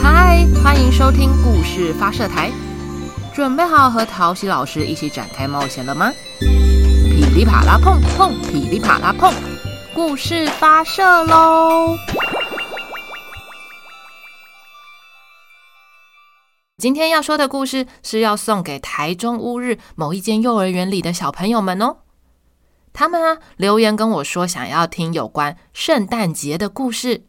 嗨，歡迎收聽故事發射台，準備好和陶西老師一起展開冒險了嗎？噼里啪啦碰碰，噼里啪啦碰，故事發射嘍！今天要說的故事是要送給台中烏日某一間幼兒園裡的小朋友們哦，他們啊，留言跟我說想要聽有關聖誕節的故事。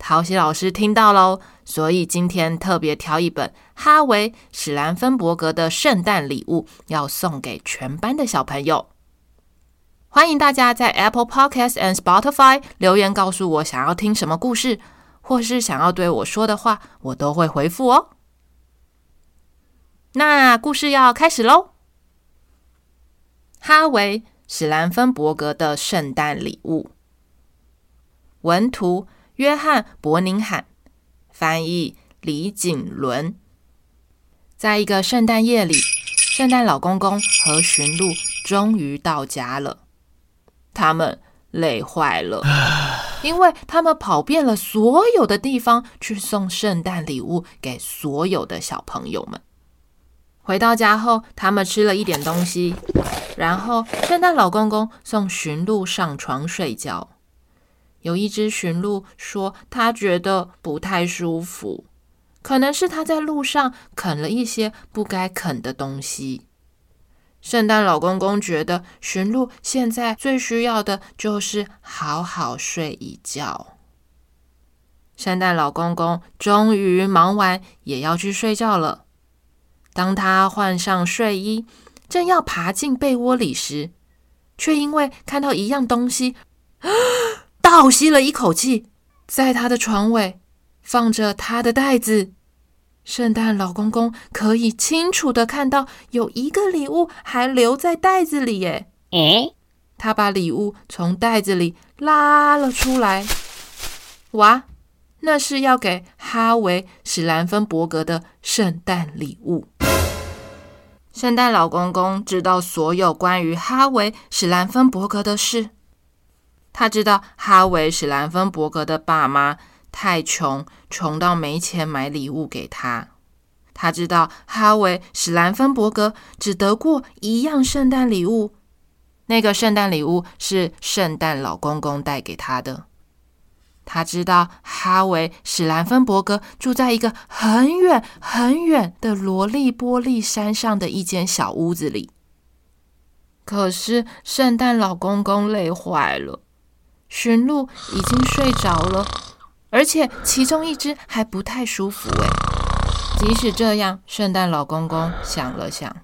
陶西老師聽到嘍，所以今天特別挑一本哈維·史藍芬伯格的《聖誕禮物》要送給全班的小朋友。歡迎大家在 Apple Podcast 和 Spotify 留言告訴我想要聽什麼故事，或是想要對我說的話，我都會回復哦。那故事要開始嘍，《哈維·史藍芬伯格的聖誕禮物》，文圖。約翰·伯寧罕，翻譯李瑾倫。在一個聖誕夜裡，聖誕老公公和馴鹿終於到家了。他們累壞了，因為他們跑遍了所有的地方去送聖誕禮物給所有的小朋友們。回到家後，他們吃了一點東西，然後聖誕老公公送馴鹿上床睡覺。有一隻馴鹿說：“他覺得不太舒服，可能是他在路上啃了一些不該啃的東西。”聖誕老公公覺得馴鹿現在最需要的就是好好睡一覺。聖誕老公公終於忙完，也要去睡覺了。當他換上睡衣，正要爬進被窩裡時，卻因為看到一樣東西。啊！倒吸了一口氣，在他的床尾放着他的袋子。聖誕老公公可以清楚地看到，有一個禮物還留在袋子裡耶。哎、嗯，他把禮物從袋子裡拉了出來。哇，那是要給哈維·史蘭芬伯格的聖誕禮物。聖誕老公公知道所有關於哈維·史蘭芬伯格的事。他知道哈維·史蘭芬伯格的爸媽太窮，窮到沒錢買禮物給他。他知道哈維·史蘭芬伯格只得過一樣聖誕禮物，那個聖誕禮物是聖誕老公公帶給他的。他知道哈維·史蘭芬伯格住在一個很遠很遠的羅利波利山上的一間小屋子裡，可是聖誕老公公累壞了。馴鹿已經睡着了，而且其中一隻還不太舒服哎。即使這樣，聖誕老公公想了想，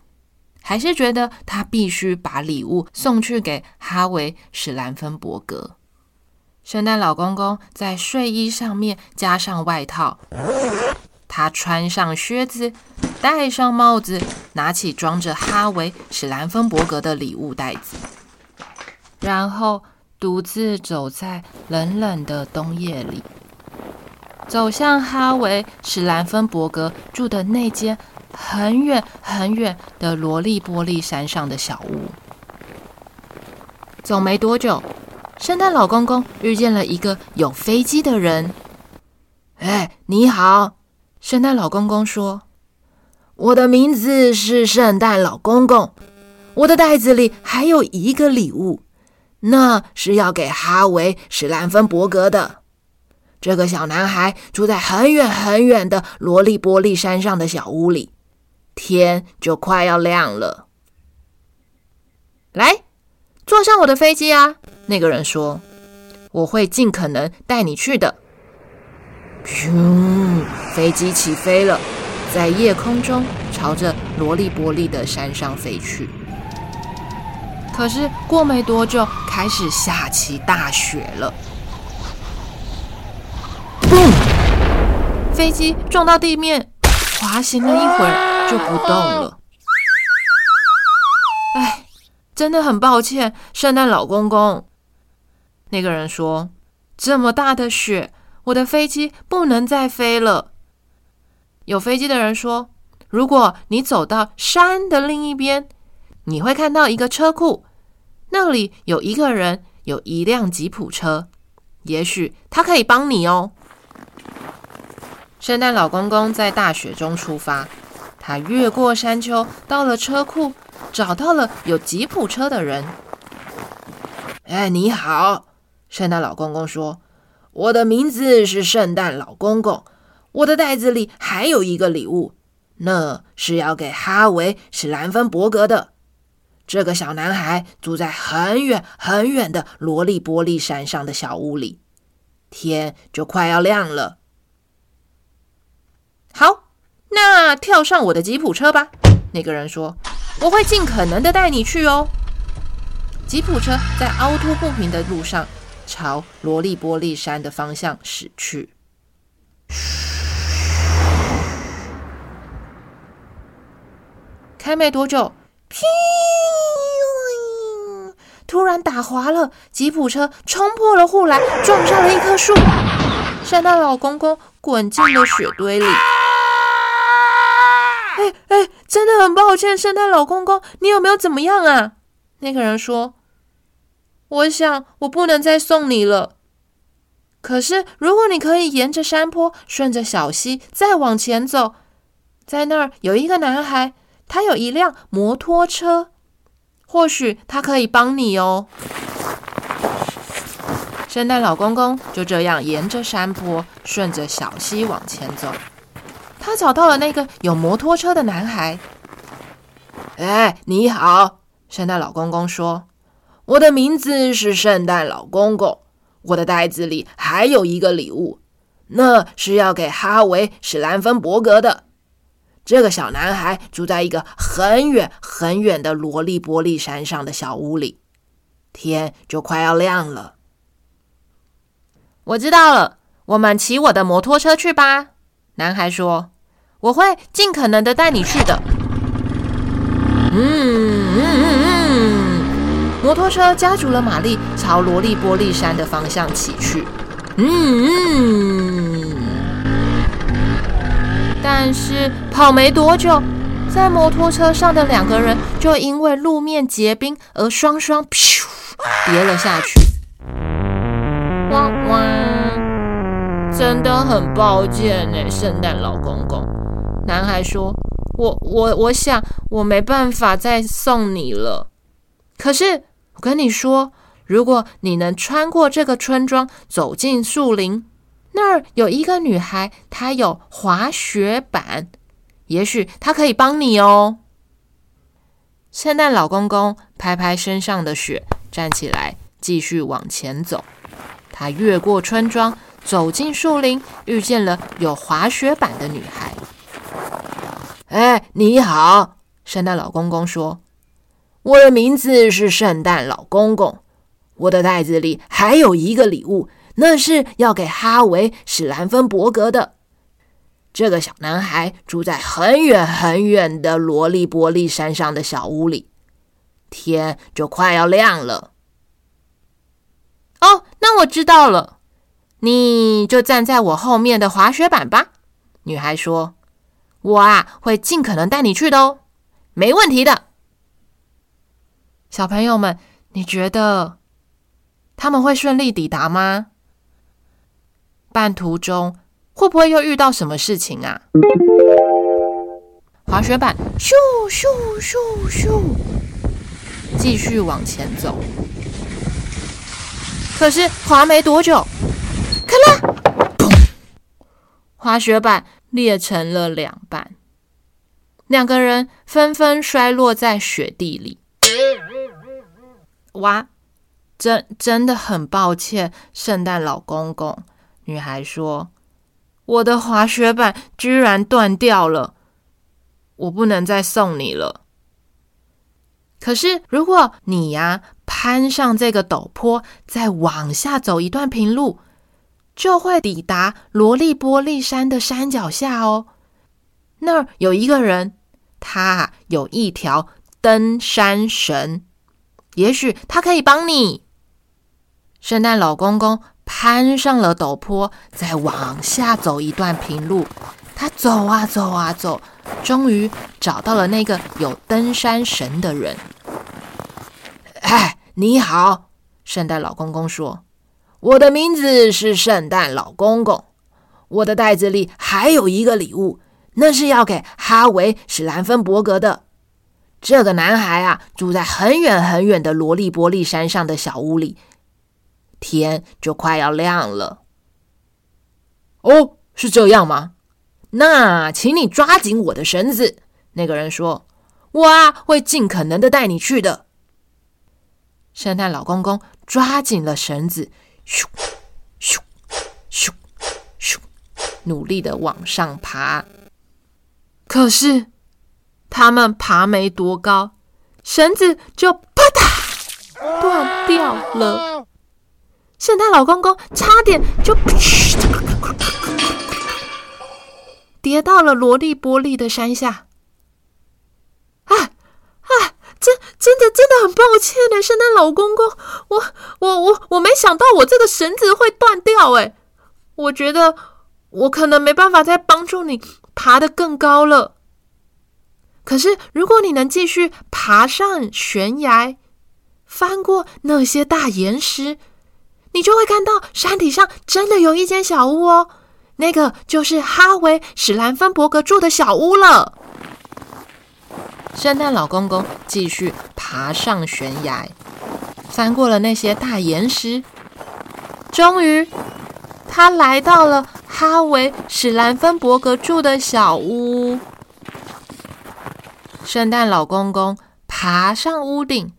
還是覺得他必須把禮物送去給哈維·史蘭芬伯格。聖誕老公公在睡衣上面加上外套，他穿上靴子，戴上帽子，拿起裝着哈維·史蘭芬伯格的禮物袋子，然後，獨自走在冷冷的冬夜裡，走向哈維史蘭芬伯格住的那間很遠很遠的羅利波利山上的小屋。走沒多久，聖誕老公公遇見了一個有飛機的人。哎、欸，你好！聖誕老公公說：“我的名字是聖誕老公公，我的袋子裡還有一個禮物。”那是要給哈維·史蘭芬伯格的。這個小男孩住在很遠很遠的羅利波利山上的小屋裡，天就快要亮了。來，坐上我的飛機啊！那個人說：“我會盡可能帶你去的。”咻，飛機起飛了，在夜空中朝着羅利波利的山上飛去。可是過沒多久，開始下起大雪了。Bum! 飛機撞到地面，滑行了一會兒就不動了。哎，真的很抱歉，聖誕老公公。那個人說：“這麼大的雪，我的飛機不能再飛了。”有飛機的人說：“如果你走到山的另一邊。”你會看到一個車庫，那裡有一個人，有一輛吉普車，也許他可以幫你哦。聖誕老公公在大雪中出發，他越過山丘，到了車庫，找到了有吉普車的人。哎，你好，聖誕老公公說：“我的名字是聖誕老公公，我的袋子裡還有一個禮物，那是要給哈維·史藍芬伯格的。”這個小男孩住在很遠很遠的羅利波利山上的小屋裡，天就快要亮了。好，那跳上我的吉普車吧。那個人說：“我會盡可能的帶你去哦。”吉普車在凹凸不平的路上朝羅利波利山的方向駛去。開沒多久，砰！突然打滑了，吉普車衝破了護欄，撞上了一棵樹，聖誕老公公滾進了雪堆裡。哎、啊、哎，真的很抱歉，聖誕老公公，你有沒有怎麼樣啊？那個人說：“我想我不能再送你了，可是如果你可以沿着山坡，順着小溪再往前走，在那兒有一個男孩。”他有一輛摩托車，或許他可以幫你哦。聖誕老公公就這樣沿着山坡，順着小溪往前走。他找到了那個有摩托車的男孩。哎，你好！聖誕老公公說：“我的名字是聖誕老公公。我的袋子裡還有一個禮物，那是要給哈維史藍芬伯格的。”這個小男孩住在一個很遠很遠的羅利波利山上的小屋裡，天就快要亮了。我知道了，我們騎我的摩托車去吧。男孩說：“我會盡可能地帶你去的。嗯”嗯嗯嗯。摩托車加足了馬力，朝羅利波利山的方向騎去。嗯嗯。但是跑沒多久，在摩托車上的兩個人就因為路面結冰而雙雙噗跌了下去。汪汪，真的很抱歉呢，聖誕老公公。男孩說：“我我我想我沒辦法再送你了。可是我跟你說，如果你能穿過這個村莊，走進樹林。”那兒有一個女孩，她有滑雪板，也許她可以幫你哦。聖誕老公公拍拍身上的雪，站起來繼續往前走。他越過村莊，走進樹林，遇見了有滑雪板的女孩。哎，你好！聖誕老公公說：“我的名字是聖誕老公公，我的袋子裡還有一個禮物。”那是要給哈維·史蘭芬伯格的。這個小男孩住在很遠很遠的羅利波利山上的小屋裡，天就快要亮了。哦，那我知道了，你就站在我後面的滑雪板吧。女孩說：“我啊，會盡可能帶你去的哦，沒問題的。”小朋友們，你覺得他們會順利抵達嗎？半途中會不會又遇到什麼事情啊？滑雪板咻咻咻咻，繼續往前走。可是滑沒多久，喀啦，滑雪板裂成了兩半，兩個人紛紛摔落在雪地裡。哇，真真的很抱歉，聖誕老公公。女孩說：“我的滑雪板居然斷掉了，我不能再送你了。可是如果你呀、啊，攀上這個陡坡，再往下走一段平路，就會抵達羅利波利山的山腳下哦。那兒有一個人，他有一條登山繩，也許他可以幫你。”聖誕老公公。攀上了陡坡，再往下走一段平路，他走啊走啊走，終於找到了那個有登山繩的人。哎，你好，聖誕老公公說：“我的名字是聖誕老公公，我的袋子裡還有一個禮物，那是要給哈維·史蘭芬伯格的。這個男孩啊，住在很遠很遠的羅利波利山上的小屋裡。”天就快要亮了。哦，是這樣嗎？那請你抓緊我的繩子。”那個人說，“我啊，會盡可能的帶你去的。”聖誕老公公抓緊了繩子，咻咻咻咻，努力的往上爬。可是他們爬沒多高，繩子就啪嗒斷掉了。聖誕老公公差點就跌到了羅利波利的山下！哎哎，真真的，真的真的很抱歉呢，聖誕老公公，我我我我沒想到我這個繩子會斷掉，哎，我覺得我可能沒辦法再幫助你爬得更高了。可是如果你能繼續爬上懸崖，翻過那些大岩石你就會看到山體上真的有一間小屋哦，那個就是哈維史蘭芬伯格住的小屋了。聖誕老公公繼續爬上懸崖，翻過了那些大岩石，終於他來到了哈維史蘭芬伯格住的小屋。聖誕老公公爬上屋頂，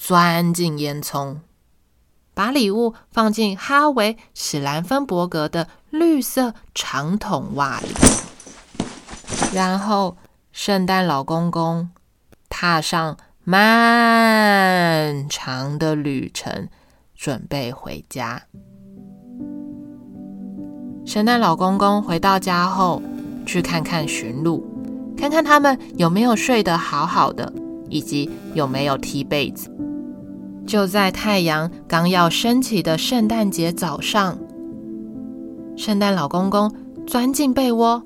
鑽進煙囪。把禮物放進哈維史蘭芬伯格的綠色長筒襪裡，然後聖誕老公公踏上漫長的旅程，準備回家。聖誕老公公回到家後，去看看馴鹿，看看他們有沒有睡得好好的，以及有沒有踢被子。就在太陽剛要升起的聖誕節早上，聖誕老公公鑽進被窩，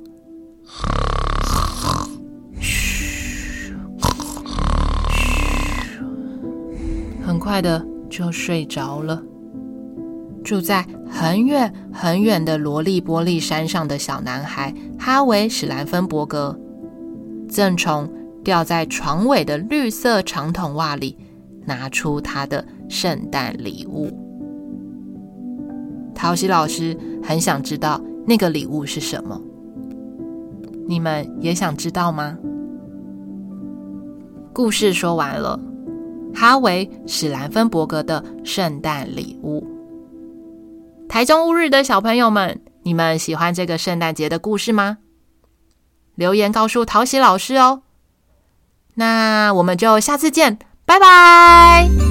很快的就睡着了。住在很遠很遠的羅利波利山上的小男孩哈維·史蘭芬伯格，正從吊在床尾的綠色長筒襪裡。拿出他的聖誕禮物，陶喜老師很想知道那個禮物是什麼。你們也想知道嗎？故事說完了，哈維史蘭芬伯格的聖誕禮物。台中烏日的小朋友們，你們喜歡這個聖誕節的故事嗎？留言告訴陶喜老師哦。那我們就下次見。拜拜。